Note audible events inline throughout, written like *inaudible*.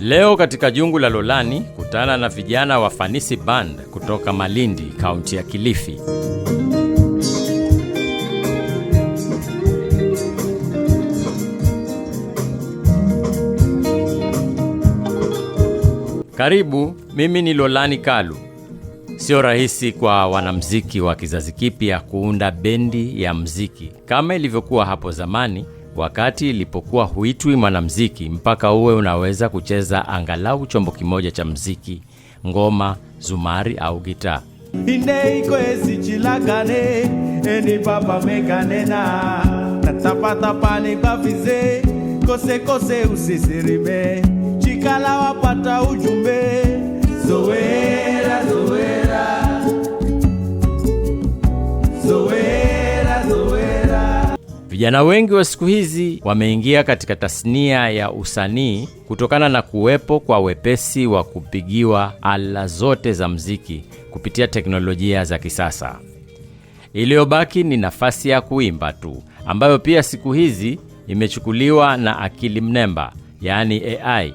Leo katika Jungu la Lolani kutana na vijana wa Fanisi Band kutoka Malindi, kaunti ya Kilifi. Karibu, mimi ni Lolani Kalu. Sio rahisi kwa wanamziki wa kizazi kipya kuunda bendi ya mziki kama ilivyokuwa hapo zamani, wakati ilipokuwa huitwi mwanamziki mpaka uwe unaweza kucheza angalau chombo kimoja cha mziki, ngoma, zumari au gitaa. ineikoesichilakane enipapamekanena natapatapane kosekose usisirime chikalawa kupata ujumbe Vijana wengi wa siku hizi wameingia katika tasnia ya usanii kutokana na kuwepo kwa wepesi wa kupigiwa ala zote za mziki kupitia teknolojia za kisasa. Iliyobaki ni nafasi ya kuimba tu, ambayo pia siku hizi imechukuliwa na akili mnemba, yaani AI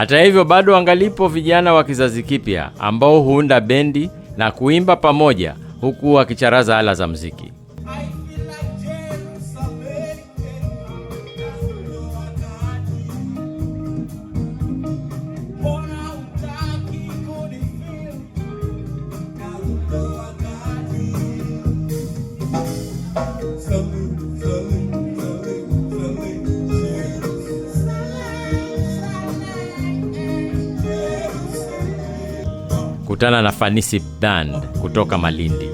Hata hivyo, bado angalipo vijana wa kizazi kipya ambao huunda bendi na kuimba pamoja huku wakicharaza ala za mziki. kutana na Fanisi Band kutoka Malindi.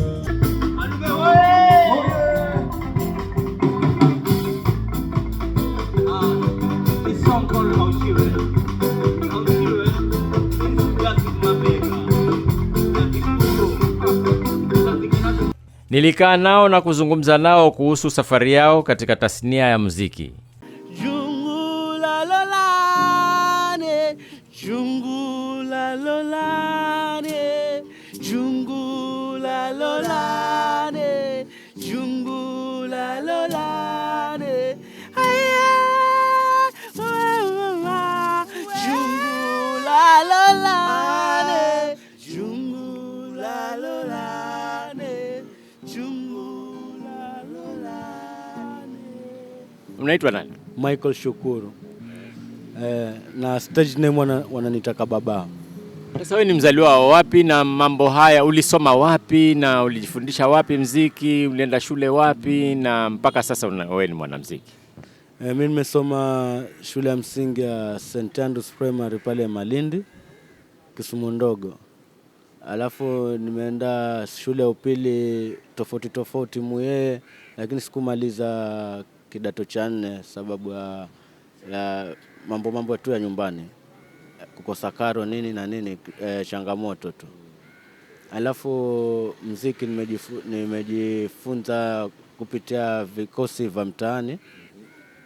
Nilikaa nao na kuzungumza nao kuhusu safari yao katika tasnia ya muziki. Jungu lolane, jungu lolane lolane, lolane. Aya, lolane, lolane, lolane. Unaitwa nani? Michael Shukuru. Eh, na stage name wananitaka wana baba sasa wewe ni mzaliwa wa wapi na mambo haya ulisoma wapi na ulijifundisha wapi mziki? Ulienda shule wapi na mpaka sasa wewe ni mwanamziki? E, mimi nimesoma shule ya msingi ya St Andrews Primary pale Malindi Kisumu ndogo, alafu nimeenda shule ya upili tofauti tofauti Muyeye, lakini sikumaliza kidato cha nne sababu ya, ya mambo mambo tu ya nyumbani kukosa karo nini na nini e, changamoto tu. Alafu mziki nimejifunza kupitia vikosi vya mtaani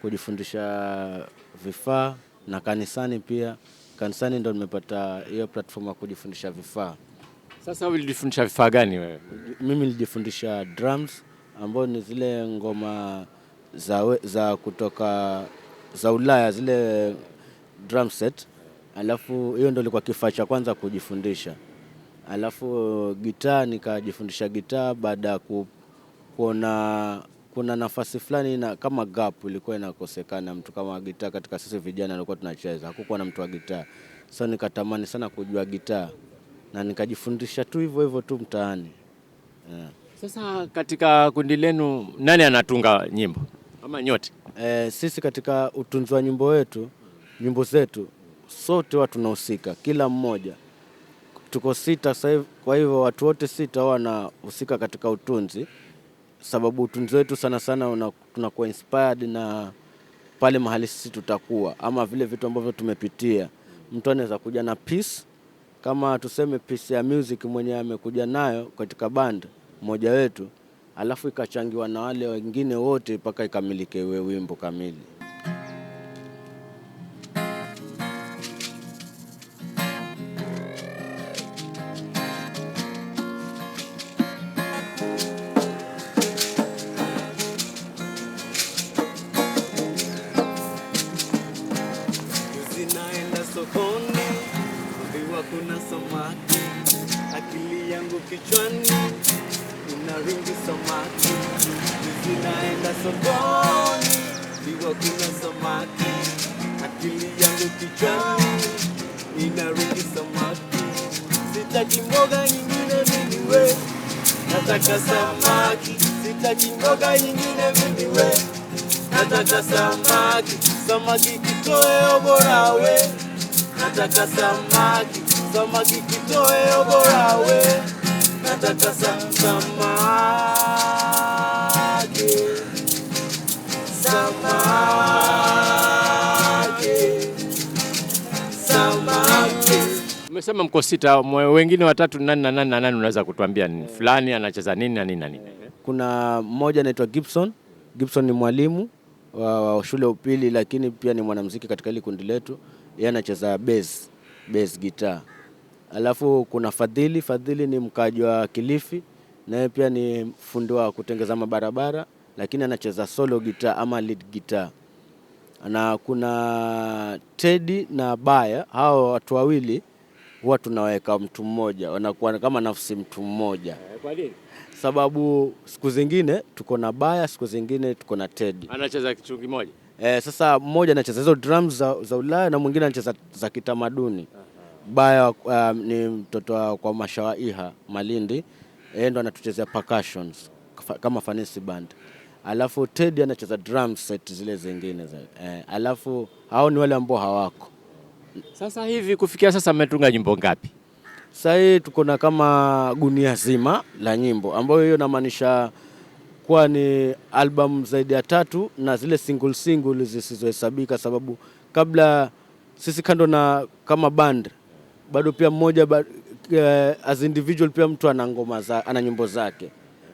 kujifundisha vifaa na kanisani pia. Kanisani ndo nimepata hiyo platform ya kujifundisha vifaa. Sasa wewe ulijifundisha vifaa gani wewe? Mimi nilijifundisha drums ambayo ni zile ngoma za, we, za kutoka za Ulaya zile drum set alafu hiyo ndo ilikuwa kifaa cha kwanza kujifundisha. Alafu gitaa nikajifundisha gitaa baada ya ku, kuona kuna nafasi fulani na kama gap ilikuwa inakosekana mtu kama gitaa katika sisi vijana alikuwa tunacheza, hakukuwa na mtu wa gitaa. So nikatamani sana kujua gitaa na nikajifundisha tu hivyo hivyo tu mtaani yeah. Sasa katika kundi lenu nani anatunga nyimbo ama nyote? E, sisi katika utunzi wa nyimbo wetu nyimbo zetu sote huwa tunahusika, kila mmoja tuko sita sasa hivi. Kwa hivyo watu wote sita wanahusika katika utunzi, sababu utunzi wetu sana sana tunakuwa inspired na pale mahali sisi tutakuwa ama vile vitu ambavyo tumepitia. Mtu anaweza kuja na piece kama tuseme piece ya music mwenyewe amekuja nayo katika band mmoja wetu, alafu ikachangiwa na wale wengine wote mpaka ikamilike iwe wimbo kamili. sitaki mboga nyingine mimi we, nataka samaki, sitaki mboga nyingine mimi we, nataka samaki, samaki kitoweo bora we, nataka samaki, samaki kitoweo bora we, nataka samaki, samaki umesema mko sita, wengine watatu nani na nani na nani, unaweza kutuambia ni fulani anacheza nini na nini na nini? Kuna mmoja anaitwa Gibson. Gibson ni mwalimu wa wa shule ya upili, lakini pia ni mwanamuziki katika ile kundi letu. Yeye anacheza bass, bass guitar. Alafu kuna Fadhili. Fadhili ni mkaji wa Kilifi, naye pia ni fundi wa kutengeza mabarabara, lakini anacheza solo guitar ama lead guitar na kuna Teddy na Baya, hao watu wawili huwa tunaweka mtu mmoja, wanakuwa kama nafsi mtu mmoja. Eh, kwa nini? Sababu siku zingine tuko na Baya, siku zingine tuko na Teddy. Anacheza kitu kimoja. Eh, sasa mmoja anacheza hizo drums za, za Ulaya na mwingine anacheza za kitamaduni. Baya uh, ni mtoto wa kwa Mashawaiha Malindi, yeye ndo anatuchezea percussions kama fanisi band, alafu Teddy anacheza drum set zile zingine za, eh, alafu hao ni wale ambao hawako sasa hivi kufikia sasa mmetunga nyimbo ngapi? Sasa hivi tuko na kama gunia zima la nyimbo, ambayo hiyo inamaanisha kuwa ni albamu zaidi ya tatu na zile single single zisizohesabika, sababu kabla sisi kando na kama band bado pia mmoja ba, eh, as individual pia mtu ana ngoma za, ana nyimbo zake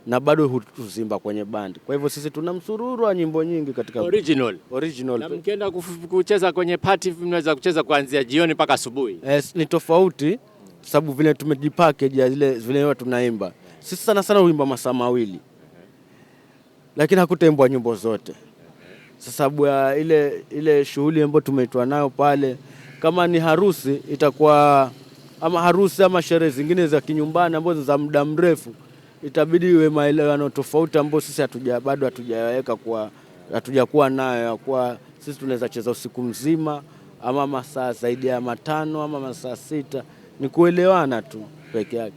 na bado huzimba kwenye bandi. Kwa hivyo sisi tuna msururu wa nyimbo nyingi katika original original. Na mkienda kucheza kwenye party, mnaweza kucheza kuanzia jioni mpaka asubuhi. Yes, ni tofauti sababu vile tumejipackage ya zile vile tunaimba sisi sana sana huimba masaa mawili, lakini hakutaimbwa nyimbo zote sababu ya ile, ile shughuli ambayo tumeitwa nayo pale. Kama ni harusi itakuwa ama harusi ama sherehe zingine za kinyumbani ambazo za muda mrefu itabidi iwe maelewano tofauti ambayo sisi hatuja bado hatujaweka kwa hatujakuwa nayo ya kuwa sisi tunaweza cheza usiku mzima ama masaa zaidi ya matano ama masaa sita, ni kuelewana tu peke yake.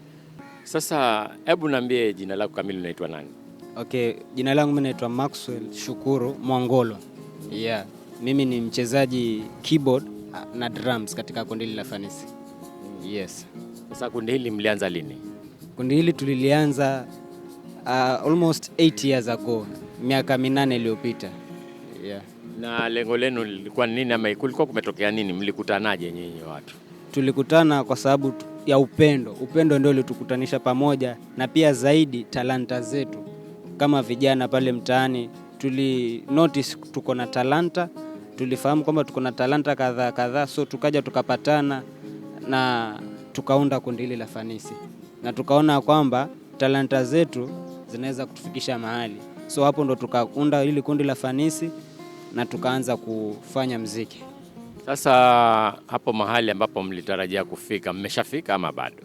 Sasa hebu naambie jina lako kamili, unaitwa nani? Okay, jina langu mimi naitwa Maxwell Shukuru Mwangolo. Yeah, mimi ni mchezaji keyboard ah, na drums katika kundi hili la Fanisi. Yes. Sasa kundi hili mlianza lini? Kundi hili tulilianza uh, almost 8 years ago, miaka minane iliyopita yeah. Na lengo lenu lilikuwa nini, ama kulikuwa kumetokea nini? Mlikutanaje nyinyi watu? Tulikutana kwa sababu ya upendo. Upendo ndio ulitukutanisha pamoja, na pia zaidi talanta zetu kama vijana pale mtaani. Tuli notice tuko na talanta, tulifahamu kwamba tuko na talanta kadhaa kadhaa, so tukaja tukapatana na tukaunda kundi hili la Fanisi na tukaona kwamba talanta zetu zinaweza kutufikisha mahali. So hapo ndo tukaunda hili kundi la Fanisi na tukaanza kufanya mziki. Sasa hapo mahali ambapo mlitarajia kufika, mmeshafika ama bado?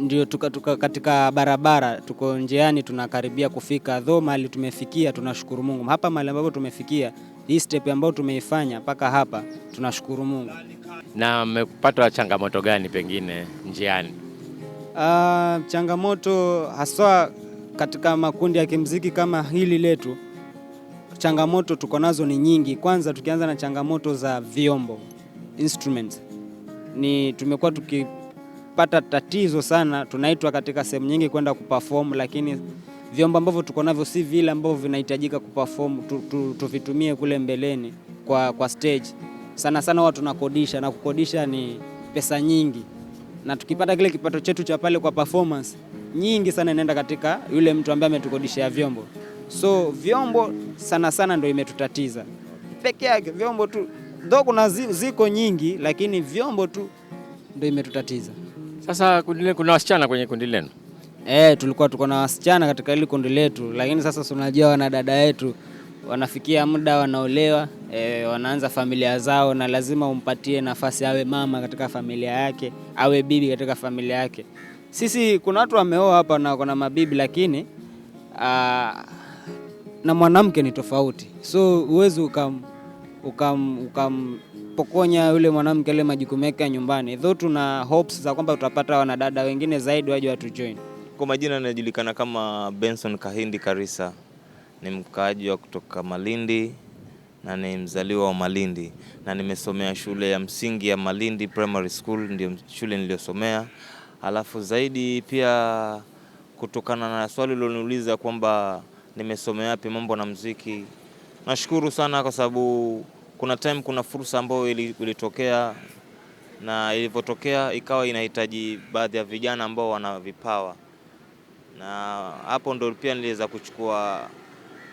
Ndio tuka, tuka, katika barabara tuko njiani, tunakaribia kufika dho mahali tumefikia. Tunashukuru Mungu hapa mahali ambapo tumefikia, hii step ambayo tumeifanya mpaka hapa, tunashukuru Mungu. Na mmepata changamoto gani pengine njiani? Uh, changamoto haswa katika makundi ya kimziki kama hili letu, changamoto tuko nazo ni nyingi. Kwanza tukianza na changamoto za vyombo instruments, ni tumekuwa tukipata tatizo sana, tunaitwa katika sehemu nyingi kwenda kuperform, lakini vyombo ambavyo tuko navyo si vile ambavyo vinahitajika kuperform tuvitumie tu, tu kule mbeleni kwa, kwa stage. Sana sana watu tunakodisha na kukodisha ni pesa nyingi na tukipata kile kipato chetu cha pale kwa performance nyingi sana inaenda katika yule mtu ambaye ametukodishia vyombo. So vyombo sana sana ndio imetutatiza peke yake, vyombo tu ndio, kuna ziko nyingi, lakini vyombo tu ndio imetutatiza. Sasa kundi kuna wasichana kwenye kundi lenu? Eh, tulikuwa tuko na wasichana katika ile kundi letu, lakini sasa tunajua wana dada yetu wanafikia muda wanaolewa, e, wanaanza familia zao, na lazima umpatie nafasi awe mama katika familia yake, awe bibi katika familia yake. Sisi kuna watu wameoa hapa na kuna mabibi, lakini a, na mwanamke ni tofauti, so huwezi ukam ukampokonya ukam, yule mwanamke ile majukumu yake ya nyumbani, though tuna hopes za kwamba utapata wanadada wengine zaidi waje watu join. Kwa majina anajulikana kama Benson Kahindi Karisa ni mkaaji wa kutoka Malindi na ni mzaliwa wa Malindi na nimesomea shule ya msingi ya Malindi Primary School, ndio shule niliyosomea. Alafu zaidi pia, kutokana na swali liloniuliza kwamba nimesomea wapi mambo na muziki, nashukuru sana kwa sababu kuna time, kuna fursa ambayo ilitokea na ilivyotokea ikawa inahitaji baadhi ya vijana ambao wana vipawa, na hapo ndo pia niliweza kuchukua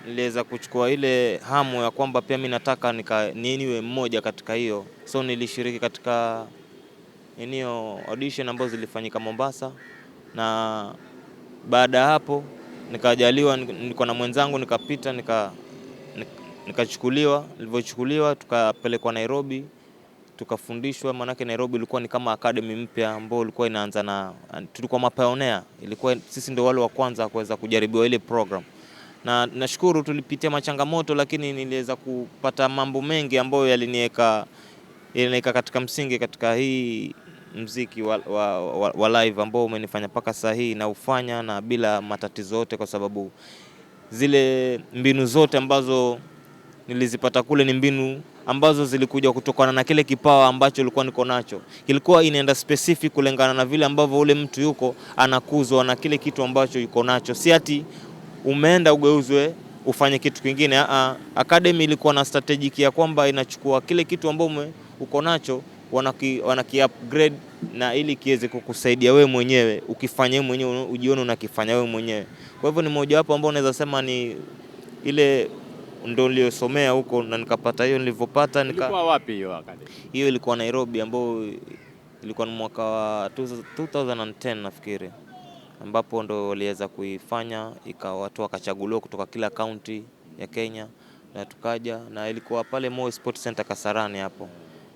niliweza kuchukua ile hamu ya kwamba pia mi nataka niniwe mmoja katika hiyo, so nilishiriki katika eneo audition ambazo zilifanyika Mombasa, na baada ya hapo nikajaliwa, niko na mwenzangu nikapita, nikachukuliwa nika nilivyochukuliwa, tukapelekwa Nairobi tukafundishwa maanake, Nairobi ilikuwa ni kama academy mpya ambayo ilikuwa inaanza na tulikuwa mapionea, ilikuwa sisi ndio wale wa kwanza kuweza kujaribiwa ile program na nashukuru tulipitia machangamoto, lakini niliweza kupata mambo mengi ambayo yaliniweka yaliniweka katika msingi katika hii mziki wa, wa, wa, wa live ambao umenifanya mpaka saa hii na ufanya na bila matatizo yote, kwa sababu zile mbinu zote ambazo nilizipata kule ni mbinu ambazo zilikuja kutokana na kile kipawa ambacho ilikuwa niko nacho. kilikuwa inaenda specific kulingana na vile ambavyo ule mtu yuko anakuzwa na kile kitu ambacho yuko nacho, si ati umeenda ugeuzwe ufanye kitu kingine. A, ah, ah, academy ilikuwa na strategic ya kwamba inachukua kile kitu ambacho uko nacho wanaki, wanaki upgrade na ili kiweze kukusaidia wewe mwenyewe ukifanya wewe mwenyewe ujione unakifanya wewe mwenyewe. Kwa hivyo ni mojawapo ambao unaweza sema ni ile ndo niliyosomea huko na nikapata hiyo nilivyopata. Nika... ilikuwa wapi hiyo academy? Hiyo ilikuwa Nairobi, ambayo ilikuwa ni mwaka wa 2010 nafikiri ambapo ndo waliweza kuifanya watu wakachaguliwa kutoka kila kaunti ya Kenya na tukaja na ilikuwa pale Moi Sports Center Kasarani hapo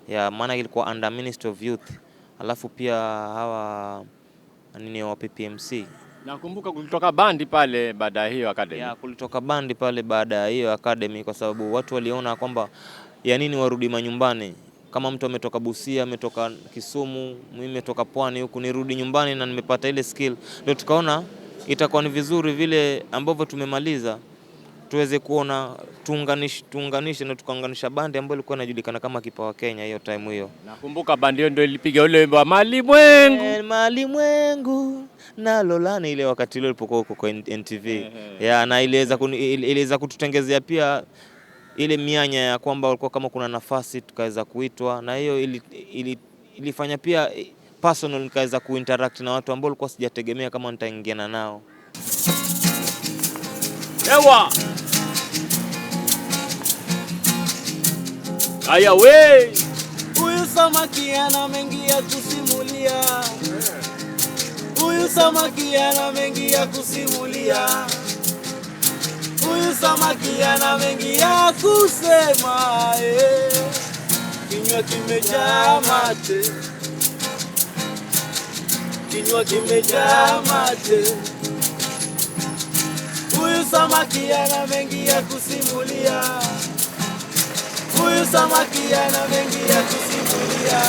ya maana ilikuwa under Ministry of Youth, alafu pia hawa nini wa PPMC. Nakumbuka kulitoka bandi pale baada ya hiyo academy. Ya, kulitoka bandi pale baada ya hiyo academy kwa sababu watu waliona kwamba ya nini warudi manyumbani kama mtu ametoka Busia, ametoka Kisumu, mimi nimetoka Pwani huku, nirudi nyumbani na nimepata ile skill, ndio tukaona itakuwa ni vizuri vile ambavyo tumemaliza tuweze kuona tuunganishe, tuunganishe na tukaunganisha bandi ambayo ilikuwa inajulikana kama Kipawa Kenya hiyo time hiyo. Nakumbuka bandi hiyo ndio ilipiga ule wimbo wa Mali Mwengu. hey, eh, Mali Mwengu na Lolani ile wakati ile ilipokuwa huko kwa NTV. Yeah, na iliweza kututengezea pia ile mianya ya kwamba walikuwa kama kuna nafasi tukaweza kuitwa, na hiyo ilifanya pia personal nikaweza kuinteract na watu ambao walikuwa sijategemea kama nitaingiana nao. Ewa. Aya we. Huyu samaki ana mengi ya kusimulia. Huyu samaki ana mengi ya kusimulia. Huyu samaki ana mengi ya kusema eh. Kinywa kimejaa mate, kinywa kimejaa mate. Huyu samaki ana mengi ya kusimulia, huyu samaki ana mengi ya kusimulia,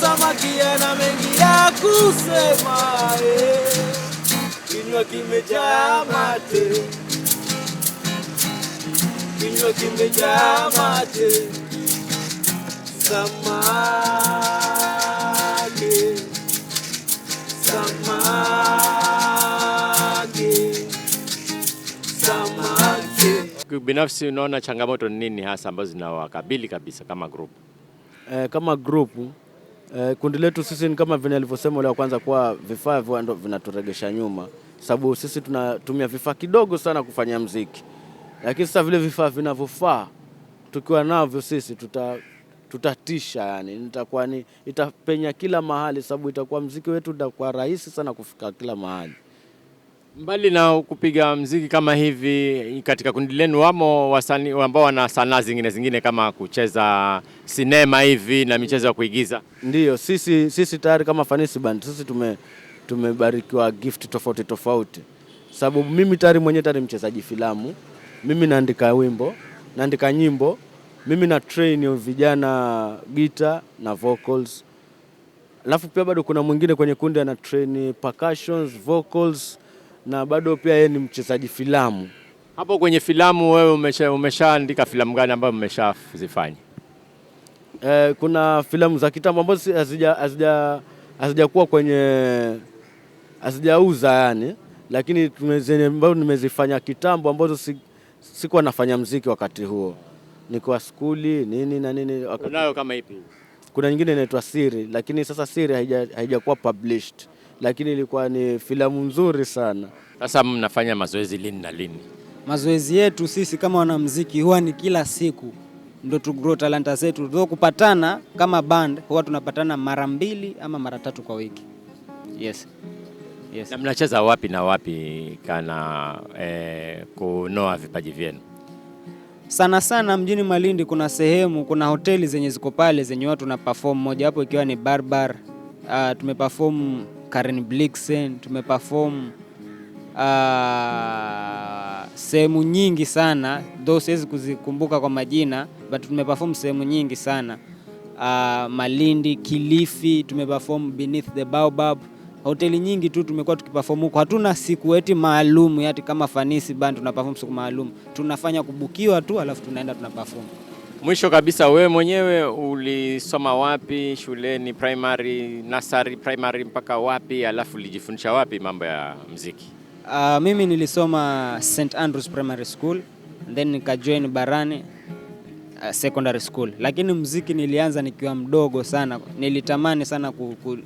samaki ana mengi ya kusema eh kinywa kimejaa mate, kinywa kimejaa mate, samaki, samaki, samaki. Binafsi unaona changamoto ni nini hasa ambazo zinawakabili kabisa kama group? Eh, kama group eh, kundi letu sisi ni kama vile alivyosema ule wa kwanza kuwa vifaa ndo vinaturegesha nyuma sababu sisi tunatumia vifaa kidogo sana kufanya mziki, lakini sasa vile vifaa vinavyofaa tukiwa navyo sisi tuta tutatisha yani, nitakuwa ni itapenya kila mahali, sababu itakuwa mziki wetu utakuwa rahisi sana kufika kila mahali. Mbali na kupiga mziki kama hivi, katika kundi lenu wamo wasanii ambao wana sanaa zingine zingine kama kucheza sinema hivi na michezo ya kuigiza? Ndiyo, sisi, sisi tayari kama Fanisi Band sisi tume tumebarikiwa gift tofauti tofauti, sababu mimi tayari mwenyewe tayari mchezaji filamu, mimi naandika wimbo, naandika nyimbo, mimi na train vijana gita na vocals, alafu pia bado kuna mwingine kwenye kundi ana train percussions, vocals na bado pia yeye ni mchezaji filamu. Hapo kwenye filamu wewe umeshaandika umesha filamu gani ambayo mmeshazifanya? Eh, kuna filamu za kitambo ambazo hazijakuwa kwenye hazijauza yani, lakini ambazo nimezifanya kitambo ambazo si, sikuwa nafanya mziki wakati huo nikuwa skuli nini na nini wakati... Unayo kama ipi? Kuna nyingine inaitwa Siri, lakini sasa Siri haijakuwa published, lakini ilikuwa ni filamu nzuri sana. Sasa mnafanya mazoezi lini na lini? Mazoezi yetu sisi kama wanamziki huwa ni kila siku ndo tu grow talanta zetu. Ndio kupatana kama band, huwa tunapatana mara mbili ama mara tatu kwa wiki. Yes. Yes. Na mnacheza wapi na wapi kana eh, kunoa vipaji vyenu? Sana sana mjini Malindi kuna sehemu, kuna hoteli zenye ziko pale zenye watu na perform, moja hapo ikiwa ni Barbar. Uh, ah, tumeperform Karen Blixen, tumeperform uh, ah, sehemu nyingi sana, though siwezi kuzikumbuka kwa majina, but tumeperform sehemu nyingi sana uh, Malindi, Kilifi, tumeperform Beneath the Baobab hoteli nyingi tu tumekuwa tukiperform huko. Hatuna siku eti maalum yati kama fanisi band tunaperform siku maalum, tunafanya kubukiwa tu alafu tunaenda tunaperform. Mwisho kabisa, wewe mwenyewe ulisoma wapi shuleni? Primary, nasari, primary mpaka wapi? Alafu ulijifundisha wapi mambo ya mziki? Uh, mimi nilisoma St Andrews Primary School then nikajoin Barani Uh, secondary school, lakini mziki nilianza nikiwa mdogo sana. Nilitamani sana ku, ku,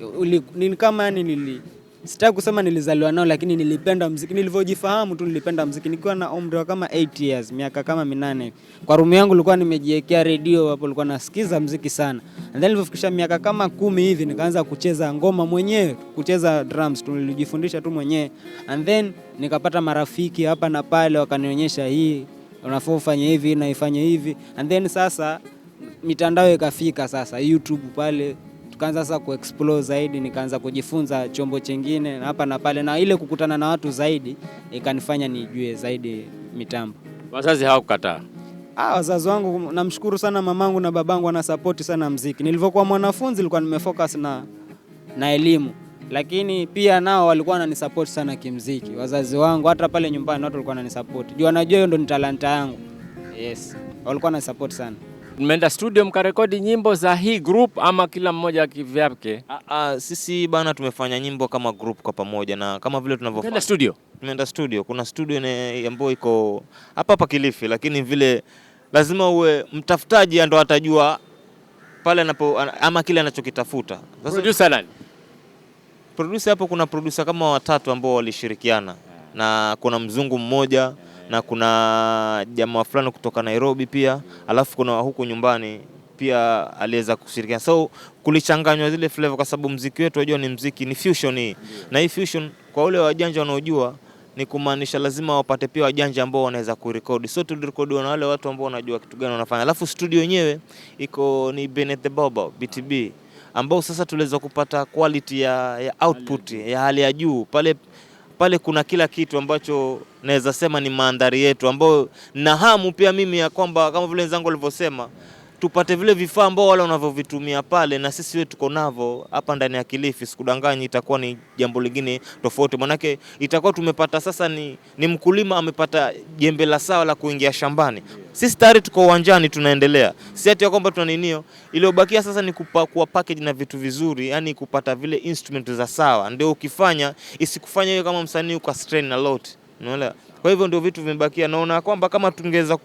ni kama yani nili sitaki kusema nilizaliwa nao, lakini nilipenda mziki nilivyojifahamu tu, nilipenda mziki nikiwa na umri wa kama 8 years, miaka kama minane. Kwa rumu yangu nilikuwa nimejiwekea redio hapo, nilikuwa nasikiza mziki sana, and then nilipofikisha miaka kama kumi hivi nikaanza kucheza ngoma mwenyewe, kucheza drums tu, nilijifundisha tu mwenyewe, and then nikapata marafiki hapa na pale, wakanionyesha hii unafaa ufanye hivi na ifanye hivi, and then sasa mitandao ikafika, sasa YouTube pale tukaanza sasa kuexplore zaidi, nikaanza kujifunza chombo chingine hapa na pale, na ile kukutana na watu zaidi ikanifanya nijue zaidi mitambo. Wazazi hawakukataa? Ah, wazazi wangu namshukuru sana, mamangu na babangu wanasapoti sana mziki. Nilivyokuwa mwanafunzi nilikuwa nimefocus na, na elimu lakini pia nao walikuwa wananisapoti sana kimziki, wazazi wangu, hata pale nyumbani watu walikuwa wananisapoti juu wanajua hiyo ndo ni talanta yangu. Yes, walikuwa wananisapoti sana. Mmeenda studio mkarekodi nyimbo za hii group ama kila mmoja kivyake? Ah, ah, sisi bana, tumefanya nyimbo kama group kwa pamoja, na kama vile tunavyofanya studio, tumeenda studio. Kuna studio ambayo iko hapa hapa Kilifi, lakini vile lazima uwe mtafutaji, ndo atajua pale anapo ama kile anachokitafuta. Sasa producer nani? Producer hapo kuna producer kama watatu ambao walishirikiana na kuna mzungu mmoja na kuna jamaa fulani kutoka Nairobi pia, alafu kuna huku nyumbani pia aliweza kushirikiana, so kulichanganywa zile flavor, kwa sababu mziki wetu unajua ni mziki ni fusion hii, na hii fusion kwa wale wajanja wanaojua ni kumaanisha lazima wapate pia wajanja ambao wanaweza kurekodi, so tulirekodiwa na wale watu ambao wanajua kitu gani wanafanya, alafu studio yenyewe iko ni Bennett the Barber BTB ambao sasa tuliweza kupata quality ya, ya output ya hali ya juu pale pale kuna kila kitu ambacho naweza sema ni mandhari yetu ambayo na hamu pia mimi ya kwamba kama vile wenzangu walivyosema tupate vile vifaa ambao wale wanavyovitumia pale na sisi wetu tuko navyo hapa ndani ya Kilifi. Sikudanganyi, itakuwa ni jambo lingine tofauti, manake itakuwa tumepata sasa ni, ni mkulima amepata jembe la sawa la kuingia shambani. Sisi tayari tuko uwanjani tunaendelea, si ati ya kwamba tuna ninio. Iliyobakia sasa ni kupakua package na vitu vizuri, yani kupata vile instrument za sawa, ndio ukifanya isikufanya kama msanii uka strain a lot, unaelewa. Kwa hivyo ndio vitu vimebakia, naona kwamba kama tungeweza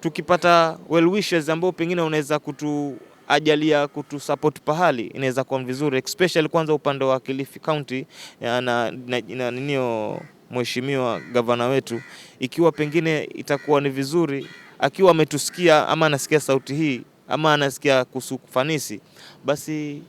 tukipata well wishes ambao pengine unaweza kutuajalia kutusupport pahali, inaweza kuwa vizuri, especially kwanza upande wa Kilifi County eh, na, na, na ninio mheshimiwa gavana wetu, ikiwa pengine itakuwa ni vizuri akiwa ametusikia ama anasikia sauti hii ama anasikia kuhusu basi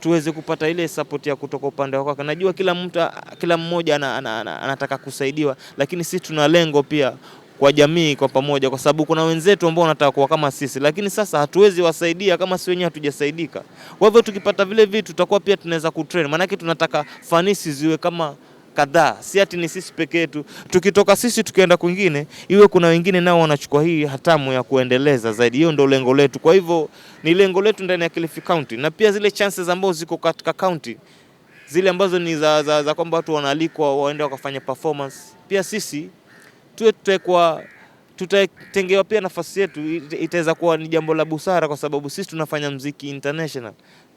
tuweze kupata ile support ya kutoka upande wa kwake. Najua kila mtu, kila mmoja anataka ana, ana, ana kusaidiwa, lakini si tuna lengo pia kwa jamii kwa pamoja, kwa sababu kuna wenzetu ambao wanataka kuwa kama sisi, lakini sasa hatuwezi wasaidia kama si wenyewe hatujasaidika. Kwa hivyo tukipata vile vitu tutakuwa pia tunaweza kutrain, maanake tunataka fanisi ziwe kama kadhaa, si ati ni sisi peke yetu. Tukitoka sisi tukienda kwingine, iwe kuna wengine nao wanachukua hii hatamu ya kuendeleza zaidi. Hiyo ndio lengo letu, kwa hivyo ni lengo letu ndani ya Kilifi County, na pia zile chances ambazo ziko katika county zile ambazo ni za, za, za kwamba watu wanaalikwa waende wakafanya performance, pia sisi tuwe tutawekwa tutatengewa pia nafasi yetu, itaweza kuwa ni jambo la busara, kwa sababu sisi tunafanya mziki international.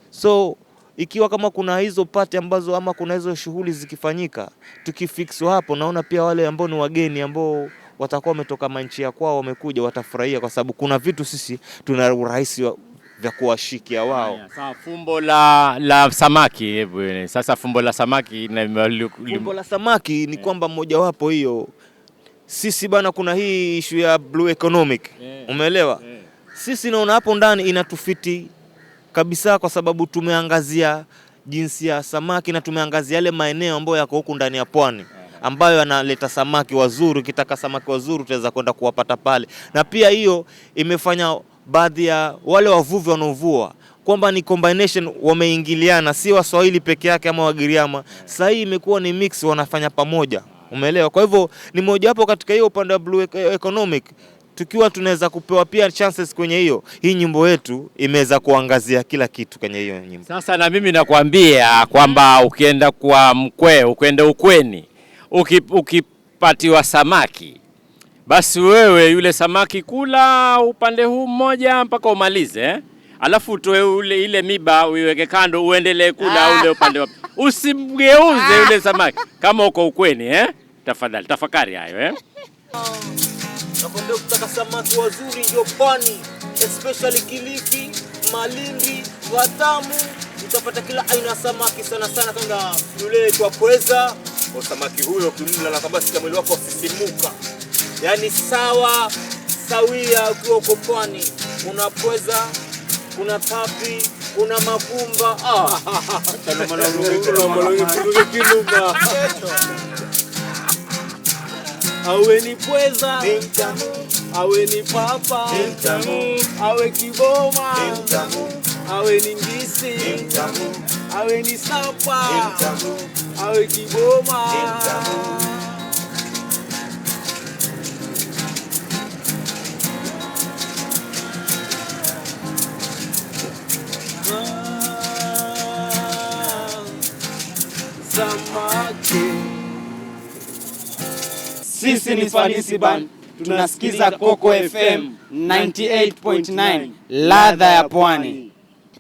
So ikiwa kama kuna hizo pati ambazo ama kuna hizo shughuli zikifanyika, tukifikswa hapo, naona pia wale ambao ni wageni ambao watakuwa wametoka manchi ya kwao wamekuja, watafurahia kwa sababu kuna vitu sisi tuna urahisi vya kuwashikia wao. Sasa fumbo la, la samaki hebu, sasa fumbo la samaki na... fumbo la samaki ni eh. kwamba mmojawapo hiyo sisi bana, kuna hii ishu ya blue economic yeah. Umeelewa yeah. Sisi naona hapo ndani inatufiti kabisa, kwa sababu tumeangazia jinsi ya samaki na tumeangazia yale maeneo ambayo yako huku ndani ya pwani ambayo analeta samaki wazuri. Ukitaka samaki wazuri utaweza kwenda kuwapata pale, na pia hiyo imefanya baadhi ya wale wavuvi wanaovua kwamba ni combination, wameingiliana, si Waswahili peke yake ama Wagiriama. Sasa hii imekuwa ni mix, wanafanya pamoja. Umeelewa? Kwa hivyo ni mojawapo katika hiyo upande wa blue e, economic tukiwa tunaweza kupewa pia chances kwenye hiyo hii nyimbo yetu imeweza kuangazia kila kitu kwenye hiyo nyimbo. Sasa na mimi nakwambia kwamba ukienda kwa mkwe ukienda ukweni, ukipatiwa samaki, basi wewe yule samaki kula upande huu mmoja mpaka umalize eh? Alafu utoe ule ile miba uiweke kando, uendelee kula ah. ule upande wa *laughs* usimgeuze yule samaki kama uko ukweni eh? Tafadhali tafakari hayo eh. kutaka samaki wazuri pani especially kiliki Malindi, Watamu. Utapata kila aina ya samaki, sana sana kanga yule kwa Kwa Samaki huyo kimla na kabasi mwili wako sisimuka. yaani sawa sawia. Ukiwa uko pwani, kuna pweza, kuna tapi kuna mavumba awe ni pweza, awe ni papa, awe kiboma, awe ni ngisi, awe ni sapa, awe kiboma. Sisi ni Fanisi Band, tunasikiza Coco FM 98.9 ladha ya Pwani.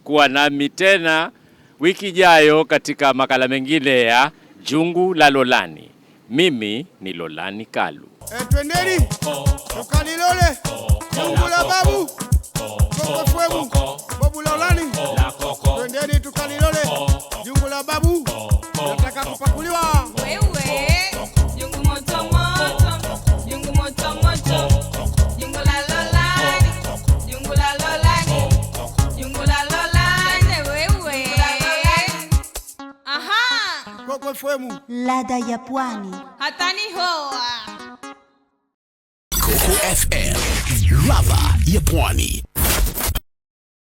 Kuwa nami tena wiki ijayo katika makala mengine ya Jungu la Lolani. Mimi ni Lolani Kalu. E, twendeni tukalilole jungu la babu kokofwemu babu Lolani, twendeni tukalilole jungu la babu, nataka kupakuliwa wewe. FM. Ladha ya Pwani. Hatani hoa. Coco FM. Ladha ya Pwani.